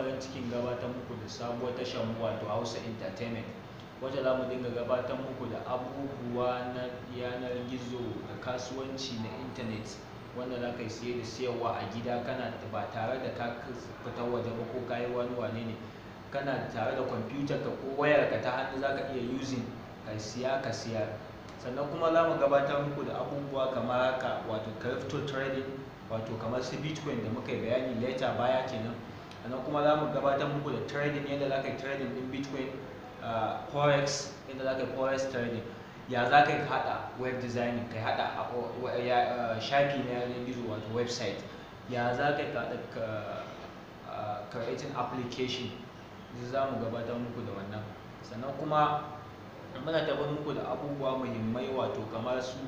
farin cikin gabatar muku da sabuwar tashar mu wato Hausa Entertainment wacce za mu dinga gabatar muku da abubuwa na yanar gizo da kasuwanci na intanet wanda za ka yi siye da siyarwa a gida kana ba tare da ka fita waje ba ko ka yi wani wane ne kana tare da kwamfutar ka ko wayar ka ta hannu za ka iya using ka siya ka siyar sannan kuma za mu gabatar muku da abubuwa kamar haka wato crypto trading wato kamar su bitcoin da muka yi bayani leta baya kenan sannan kuma za mu gabatar muku da trading yadda za ka yi trading in bitcoin forex yadda za ka yi forex trading ya za ka yi haɗa web designing ka haɗa shafi na yanar gizo wato website ya za ka yi haɗa creating application za mu gabatar muku da wannan sannan kuma muna tabbatar muku da abubuwa muhimmai wato kamar su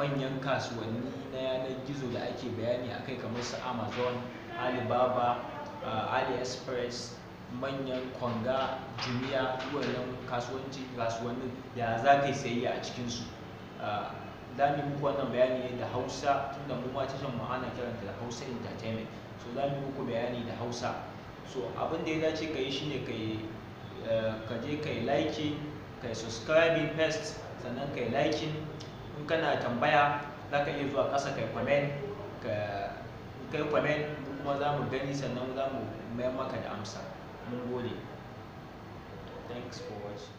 manyan kasuwanni na yanar gizo da ake bayani a kai kamar su amazon alibaba uh, aliexpress manyan kwanga jumia wannan kasuwanci kasuwannin ya za ka yi sayayya a cikinsu uh, za mu muku wannan bayani ne da hausa tun da ma tashan mu kiranta da hausa entertainment so za mu muku bayani da hausa so abin da ya dace ka yi shine ka yi uh, ka je ka yi like ka yi subscribing first sannan ka yi like in kana tambaya za ka iya zuwa ƙasa kai comment ka kai comment kuma za mu gani sannan za mu mayar maka da amsa mun gode thanks for watching